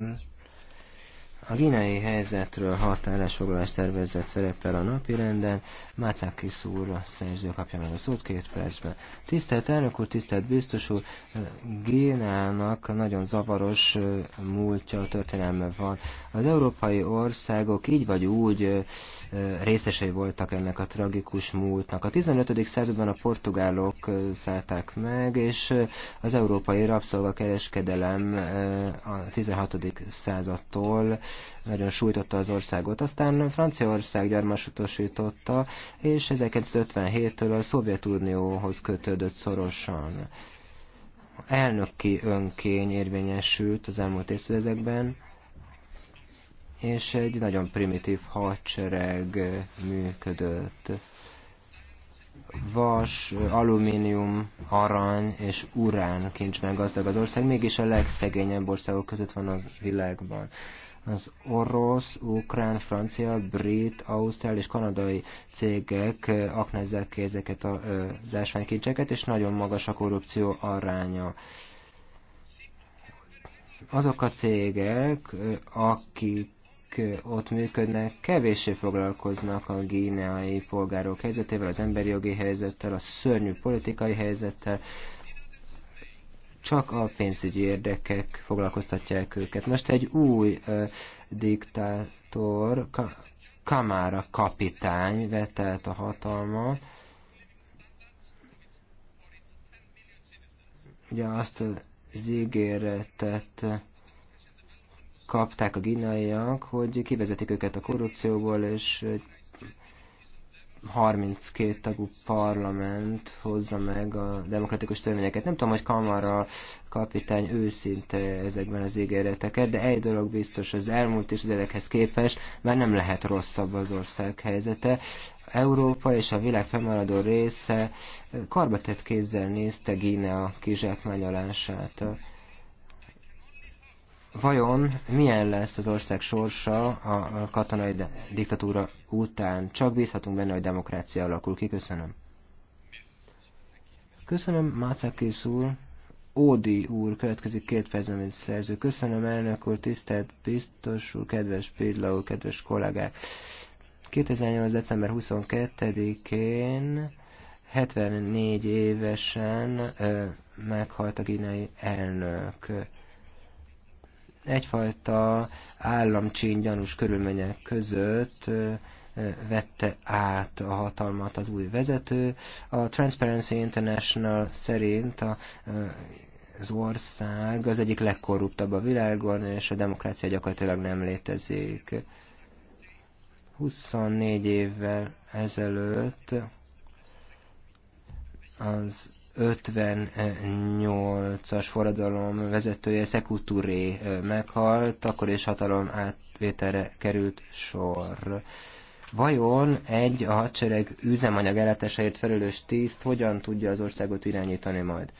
Mm. A Ginei helyzetről hat állásfoglalás tervezett szerepel a napirenden. Mácákis úr, a szerző kapja meg a szót két percben. Tisztelt elnök úr, tisztelt biztos úr, Génának nagyon zavaros múltja, történelme van. Az európai országok így vagy úgy részesei voltak ennek a tragikus múltnak. A 15. században a portugálok szállták meg, és az európai rabszolgakereskedelem a 16. századtól nagyon sújtotta az országot. Aztán Franciaország gyarmatosította, és 1957-től a Szovjetunióhoz kötődött szorosan. Elnöki önkény érvényesült az elmúlt évtizedekben, és egy nagyon primitív hadsereg működött. Vas, alumínium, arany és urán meg gazdag az ország, mégis a legszegényebb országok között van a világban az orosz, ukrán, francia, brit, ausztrál és kanadai cégek aknázzák ki ezeket az ásványkincseket, és nagyon magas a korrupció aránya azok a cégek, akik ott működnek, kevéssé foglalkoznak a gíneai polgárok helyzetével, az emberi jogi helyzettel, a szörnyű politikai helyzettel, csak a pénzügyi érdekek foglalkoztatják őket. Most egy új ö, diktátor, ka, Kamara kapitány vette át a hatalmat, ugye azt az ígéretet kapták a ginaiak, hogy kivezetik őket a korrupcióból, és 32 tagú parlament hozza meg a demokratikus törvényeket. Nem tudom, hogy kamara kapitány őszinte ezekben az ígéreteket, de egy dolog biztos, az elmúlt és évtizedekhez képest mert nem lehet rosszabb az ország helyzete. Európa és a világ fennmaradó része karbatett kézzel nézte Gínea kizsákmányolását vajon milyen lesz az ország sorsa a katonai diktatúra után? Csak bízhatunk benne, hogy demokrácia alakul ki. Köszönöm. Köszönöm, Mácakis úr. Ódi úr következik két percben, szerző. Köszönöm, elnök úr, tisztelt biztos úr, kedves Pirla úr, kedves kollégák. 2008. december 22-én 74 évesen ö, meghalt a kínai elnök egyfajta államcsíny gyanús körülmények között vette át a hatalmat az új vezető. A Transparency International szerint a az ország az egyik legkorruptabb a világon, és a demokrácia gyakorlatilag nem létezik. 24 évvel ezelőtt az 58-as forradalom vezetője Szekuturé meghalt, akkor is hatalom átvételre került sor. Vajon egy a hadsereg üzemanyag ellátásáért felelős tiszt hogyan tudja az országot irányítani majd?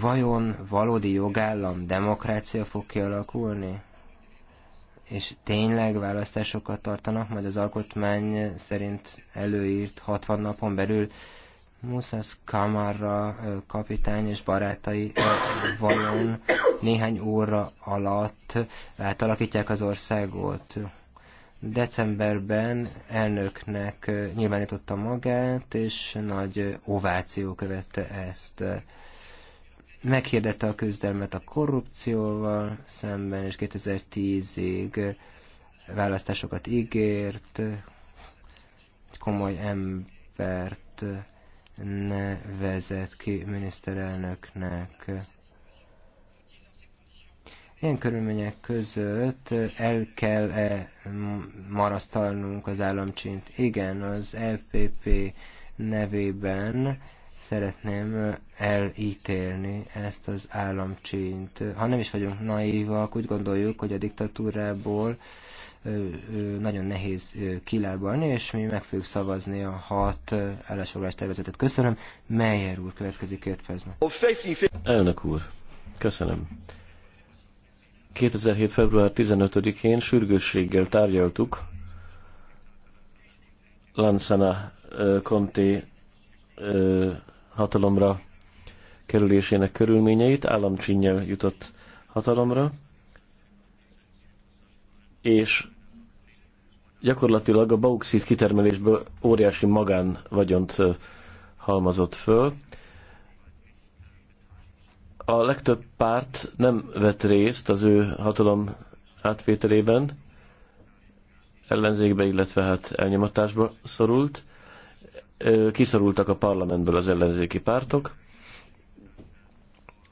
Vajon valódi jogállam, demokrácia fog kialakulni? és tényleg választásokat tartanak, majd az alkotmány szerint előírt 60 napon belül Moses Kamara kapitány és barátai vajon néhány óra alatt átalakítják az országot. Decemberben elnöknek nyilvánította magát, és nagy ováció követte ezt. Meghirdette a küzdelmet a korrupcióval szemben, és 2010-ig választásokat ígért, komoly embert ne vezet ki miniszterelnöknek. Ilyen körülmények között el kell-e marasztalnunk az államcsint? Igen, az LPP nevében szeretném elítélni ezt az államcsint. Ha nem is vagyunk naívak, úgy gondoljuk, hogy a diktatúrából nagyon nehéz kilábalni, és mi meg fogjuk szavazni a hat állásfoglalás tervezetet. Köszönöm. Meyer úr következik két percben. Elnök úr, köszönöm. 2007. február 15-én sürgősséggel tárgyaltuk Lansana Conti hatalomra kerülésének körülményeit, államcsinnyel jutott hatalomra, és gyakorlatilag a bauxit kitermelésből óriási magán vagyont halmazott föl. A legtöbb párt nem vett részt az ő hatalom átvételében, ellenzékbe, illetve hát elnyomatásba szorult. Kiszorultak a parlamentből az ellenzéki pártok.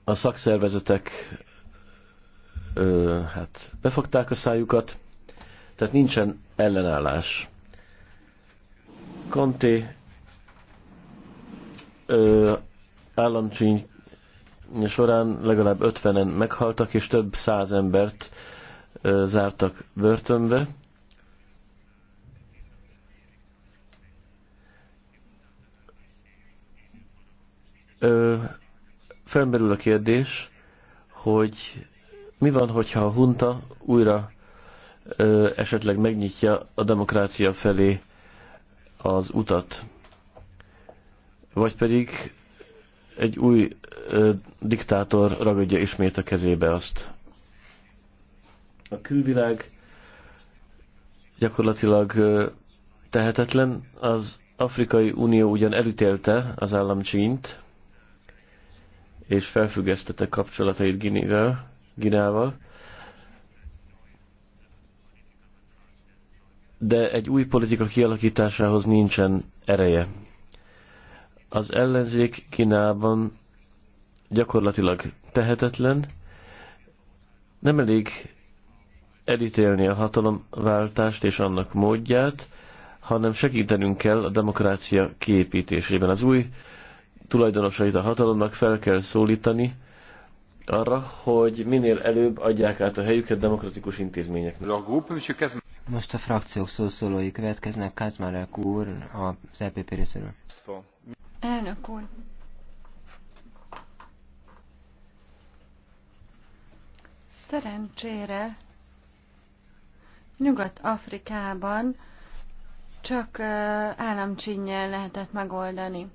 A szakszervezetek ö, hát befogták a szájukat, tehát nincsen ellenállás. Conte államcsíny során legalább 50-en meghaltak, és több száz embert ö, zártak börtönbe. Ö, felmerül a kérdés, hogy mi van, hogyha a hunta újra ö, esetleg megnyitja a demokrácia felé az utat? Vagy pedig egy új ö, diktátor ragadja ismét a kezébe azt. A külvilág gyakorlatilag ö, tehetetlen. Az Afrikai Unió ugyan elítélte az államcsínt, és felfüggesztette kapcsolatait Ginivel, Ginával, de egy új politika kialakításához nincsen ereje. Az ellenzék Kínában gyakorlatilag tehetetlen, nem elég elítélni a hatalomváltást és annak módját, hanem segítenünk kell a demokrácia kiépítésében. Az új tulajdonosait a hatalomnak fel kell szólítani, arra, hogy minél előbb adják át a helyüket demokratikus intézményeknek. Most a frakciók szószólói következnek. Kázmárek úr az EPP részéről. Elnök úr, Szerencsére Nyugat-Afrikában csak államcsinnyel lehetett megoldani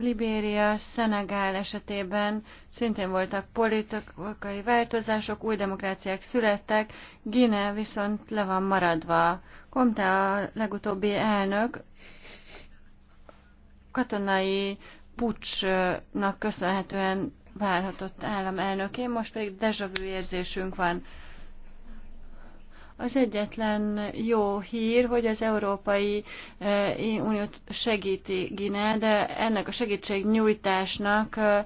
Libéria, Szenegál esetében szintén voltak politikai változások, új demokráciák születtek, Gine viszont le van maradva. Komte a legutóbbi elnök katonai pucsnak köszönhetően válhatott államelnöké, most pedig dejavű érzésünk van. Az egyetlen jó hír, hogy az Európai eh, Uniót segíti Gine, de ennek a segítségnyújtásnak eh,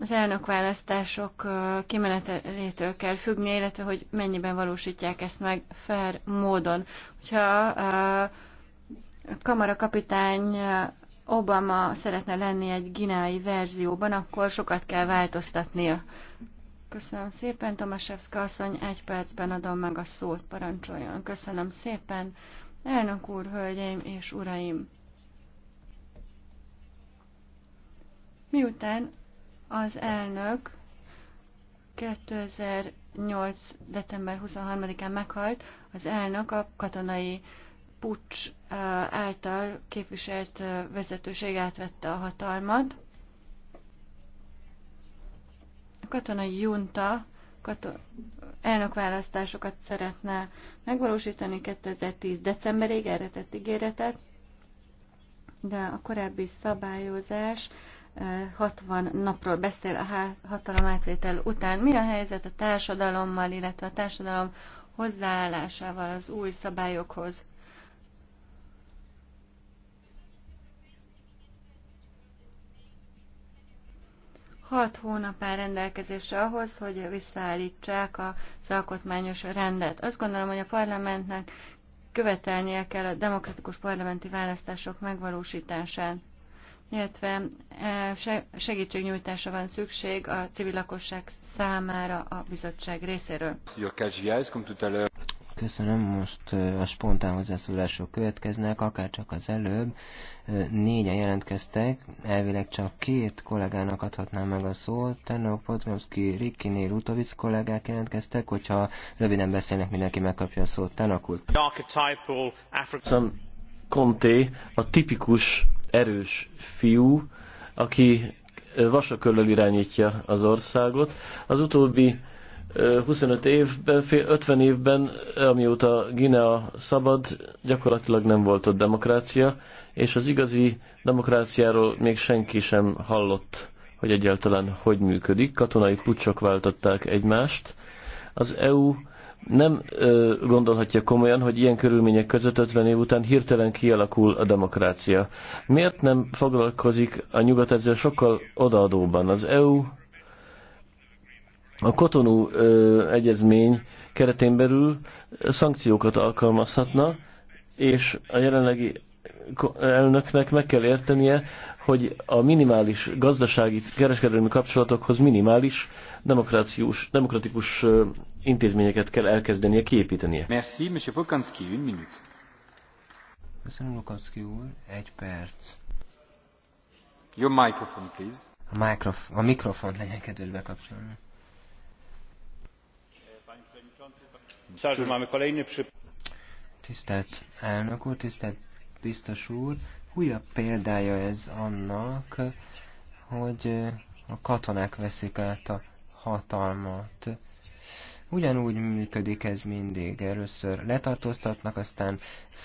az elnökválasztások eh, kimenetelétől kell függni, illetve hogy mennyiben valósítják ezt meg fair módon. Hogyha a kamara kapitány Obama szeretne lenni egy gineai verzióban, akkor sokat kell változtatnia. Köszönöm szépen, Tomaszewska asszony, egy percben adom meg a szót, parancsoljon. Köszönöm szépen, elnök úr, hölgyeim és uraim. Miután az elnök 2008. december 23-án meghalt, az elnök a katonai pucs által képviselt vezetőség átvette a hatalmat katonai junta katon- elnökválasztásokat szeretne megvalósítani 2010. decemberig, erre tett ígéretet, de a korábbi szabályozás 60 eh, napról beszél a hatalom átvétel után. Mi a helyzet a társadalommal, illetve a társadalom hozzáállásával az új szabályokhoz? hat hónap áll rendelkezésre ahhoz, hogy visszaállítsák az alkotmányos rendet. Azt gondolom, hogy a parlamentnek követelnie kell a demokratikus parlamenti választások megvalósításán. illetve e, segítségnyújtásra van szükség a civil lakosság számára a bizottság részéről. Köszönöm, most a spontán hozzászólások következnek, akár csak az előbb. Négyen jelentkeztek, elvileg csak két kollégának adhatnám meg a szót. Ternó Potramszki, Rikkiné, Rutovic kollégák jelentkeztek, hogyha röviden beszélnek, mindenki megkapja a szót. Tanakult. Conte a tipikus erős fiú, aki vasakörlel irányítja az országot. Az utóbbi 25 évben, 50 évben, amióta Guinea szabad, gyakorlatilag nem volt ott demokrácia, és az igazi demokráciáról még senki sem hallott, hogy egyáltalán hogy működik. Katonai pucsok váltották egymást. Az EU nem ö, gondolhatja komolyan, hogy ilyen körülmények között 50 év után hirtelen kialakul a demokrácia. Miért nem foglalkozik a nyugat ezzel sokkal odaadóban? Az EU a kotonú ö, egyezmény keretén belül szankciókat alkalmazhatna, és a jelenlegi elnöknek meg kell értenie, hogy a minimális gazdasági kereskedelmi kapcsolatokhoz minimális demokrációs, demokratikus intézményeket kell elkezdenie kiépítenie. Merci, M. Pokanski, une minute. Köszönöm, Lukanszki úr. Egy perc. Your microphone, please. A, mikrofon, a mikrofon legyen kedves bekapcsolni. Tisztelt elnök úr, tisztelt biztos úr, újabb példája ez annak, hogy a katonák veszik át a hatalmat. Ugyanúgy működik ez mindig. Először letartóztatnak, aztán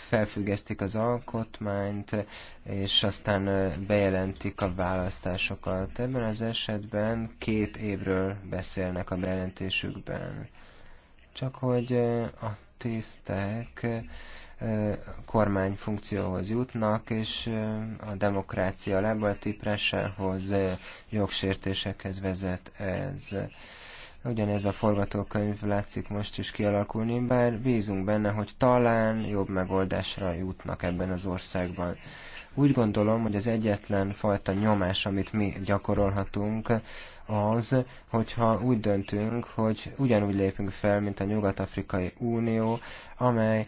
felfüggesztik az alkotmányt, és aztán bejelentik a választásokat. Ebben az esetben két évről beszélnek a bejelentésükben csak hogy a tisztek kormány funkcióhoz jutnak, és a demokrácia lábaltiprásához, jogsértésekhez vezet ez. Ugyanez a forgatókönyv látszik most is kialakulni, bár bízunk benne, hogy talán jobb megoldásra jutnak ebben az országban. Úgy gondolom, hogy az egyetlen fajta nyomás, amit mi gyakorolhatunk, az, hogyha úgy döntünk, hogy ugyanúgy lépünk fel, mint a Nyugat-Afrikai Unió, amely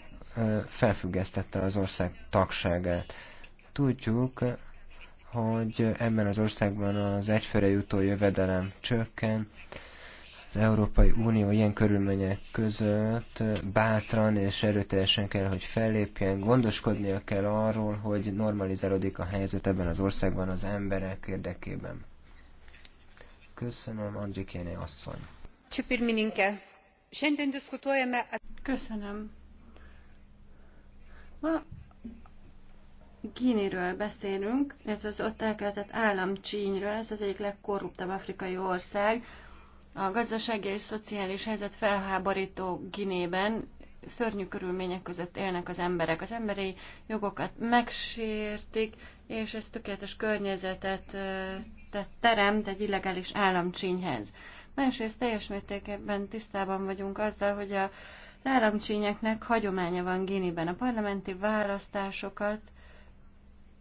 felfüggesztette az ország tagságát. Tudjuk, hogy ebben az országban az egyfőre jutó jövedelem csökken, az Európai Unió ilyen körülmények között bátran és erőteljesen kell, hogy fellépjen, gondoskodnia kell arról, hogy normalizálódik a helyzet ebben az országban az emberek érdekében. Köszönöm, Andrikéné asszony. Köszönöm. Ma Gíniről beszélünk, ez az ott elkeltett államcsínyről, ez az egyik legkorruptabb afrikai ország, a gazdasági és szociális helyzet felháborító Ginében szörnyű körülmények között élnek az emberek. Az emberi jogokat megsértik, és ez tökéletes környezetet teremt egy illegális államcsínyhez. Másrészt teljes mértékben tisztában vagyunk azzal, hogy a államcsínyeknek hagyománya van Giniben. A parlamenti választásokat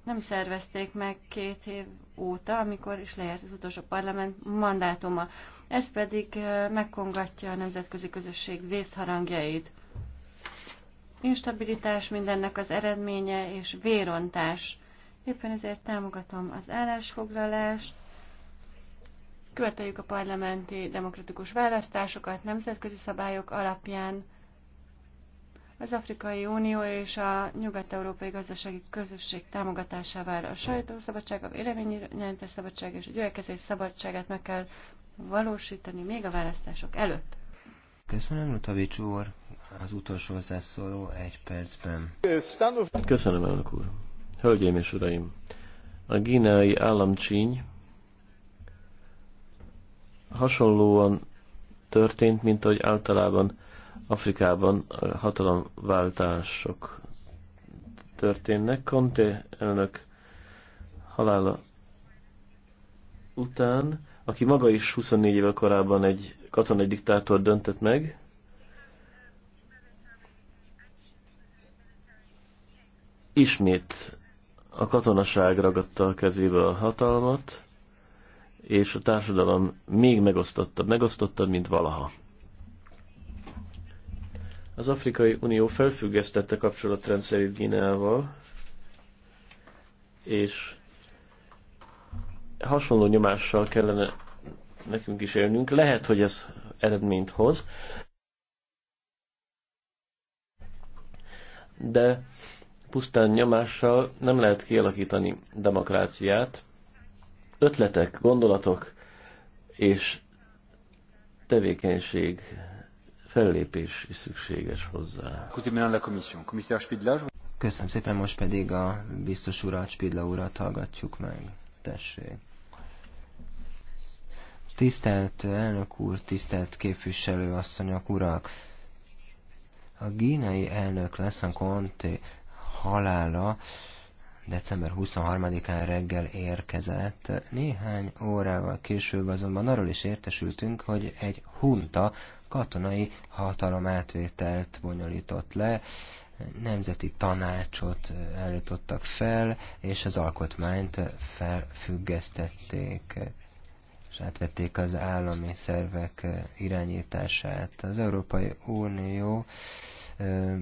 nem szervezték meg két év óta, amikor is lejárt az utolsó parlament mandátuma. Ez pedig megkongatja a nemzetközi közösség vészharangjait. Instabilitás mindennek az eredménye és vérontás. Éppen ezért támogatom az állásfoglalást, követeljük a parlamenti demokratikus választásokat nemzetközi szabályok alapján, az Afrikai Unió és a Nyugat-Európai Gazdasági Közösség támogatásával a sajtószabadság, a véleményjelentés szabadság és a gyülekezés szabadságát meg kell valósítani még a választások előtt. Köszönöm, Lutavics úr. Az utolsó hozzászóló egy percben. Köszönöm, elnök úr. Hölgyeim és uraim, a gíneai államcsíny hasonlóan történt, mint ahogy általában Afrikában hatalomváltások történnek. Conte elnök halála után, aki maga is 24 évvel korábban egy katonai diktátor döntött meg, ismét a katonaság ragadta a kezébe a hatalmat, és a társadalom még megosztottabb, megosztottabb, mint valaha. Az Afrikai Unió felfüggesztette kapcsolatrendszerét Gineával, és hasonló nyomással kellene nekünk is élnünk. Lehet, hogy ez eredményt hoz, de pusztán nyomással nem lehet kialakítani demokráciát. Ötletek, gondolatok és tevékenység fellépés is szükséges hozzá. Köszönöm szépen, most pedig a biztos urat, Spidla urat hallgatjuk meg. Tessék. Tisztelt elnök úr, tisztelt képviselő asszonyok, urak! A gínai elnök Leszan Conte halála december 23-án reggel érkezett. Néhány órával később azonban arról is értesültünk, hogy egy hunta katonai hatalomátvételt bonyolított le, nemzeti tanácsot állítottak fel, és az alkotmányt felfüggesztették és átvették az állami szervek irányítását. Az Európai Unió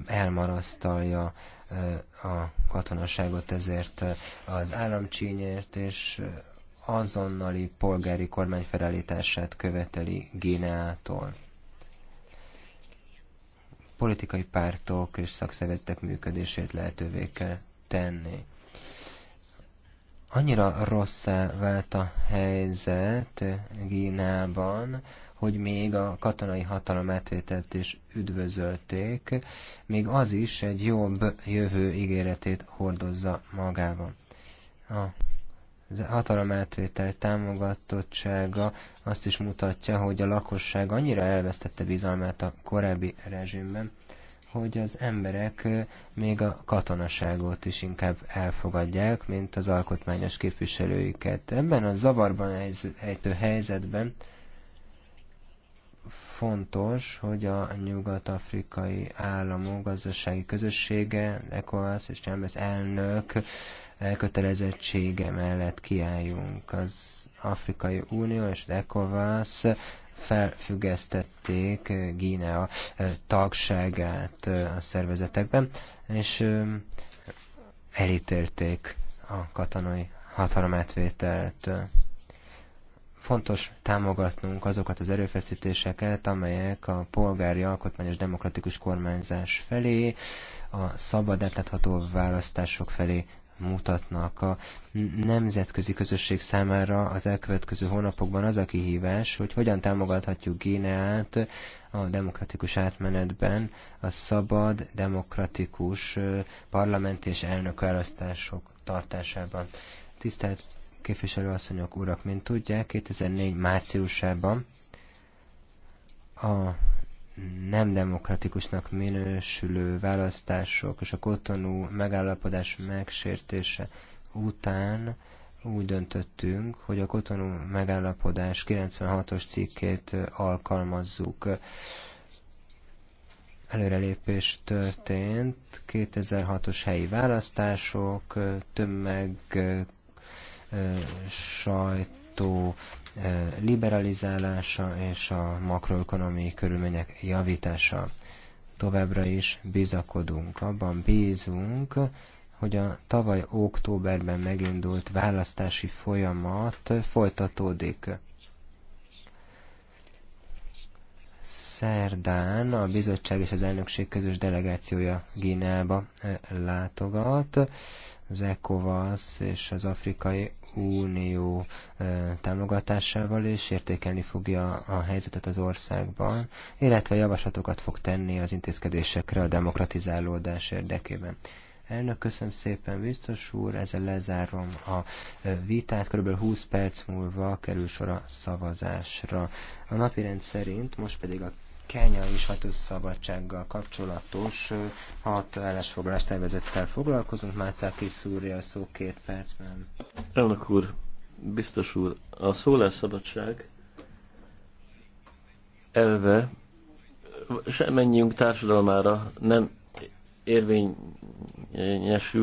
elmarasztalja a katonaságot ezért az államcsínyért, és azonnali polgári kormány felállítását követeli Gineától. Politikai pártok és szakszervezetek működését lehetővé kell tenni. Annyira rosszá vált a helyzet Gínában, hogy még a katonai hatalom átvételt is üdvözölték, még az is egy jobb jövő ígéretét hordozza magában. A hatalom átvétel támogatottsága azt is mutatja, hogy a lakosság annyira elvesztette bizalmát a korábbi rezsimben, hogy az emberek még a katonaságot is inkább elfogadják, mint az alkotmányos képviselőiket. Ebben a zavarban ejtő helyzetben fontos, hogy a nyugat-afrikai államok gazdasági közössége, ECOWAS és Chambers elnök elkötelezettsége mellett kiálljunk. Az Afrikai Unió és az ECOWAS felfüggesztették Gínea tagságát a szervezetekben, és elítélték a katonai hatalomátvételt. Fontos támogatnunk azokat az erőfeszítéseket, amelyek a polgári alkotmányos demokratikus kormányzás felé, a szabad átlátható választások felé mutatnak. A nemzetközi közösség számára az elkövetkező hónapokban az a kihívás, hogy hogyan támogathatjuk Gíneát a demokratikus átmenetben a szabad, demokratikus parlament és választások tartásában. Tisztelt képviselőasszonyok, urak, mint tudják, 2004 márciusában a nem demokratikusnak minősülő választások és a kotonú megállapodás megsértése után úgy döntöttünk, hogy a kotonú megállapodás 96-os cikkét alkalmazzuk. Előrelépés történt, 2006-os helyi választások, tömeg sajtó liberalizálása és a makroökonomiai körülmények javítása. Továbbra is bizakodunk, abban bízunk, hogy a tavaly októberben megindult választási folyamat folytatódik. Szerdán a bizottság és az elnökség közös delegációja Gínába látogat az ECOVAS és az Afrikai Unió támogatásával, és értékelni fogja a helyzetet az országban, illetve javaslatokat fog tenni az intézkedésekre a demokratizálódás érdekében. Elnök, köszönöm szépen, biztos úr, ezzel lezárom a vitát, kb. 20 perc múlva kerül sor a szavazásra. A napirend szerint most pedig a kenyai sajtószabadsággal kapcsolatos hat állásfoglalás tervezettel foglalkozunk. Mácáki szúrja a szó két percben. Elnök úr, biztos úr, a szólásszabadság elve semmennyiünk társadalmára nem érvényesül,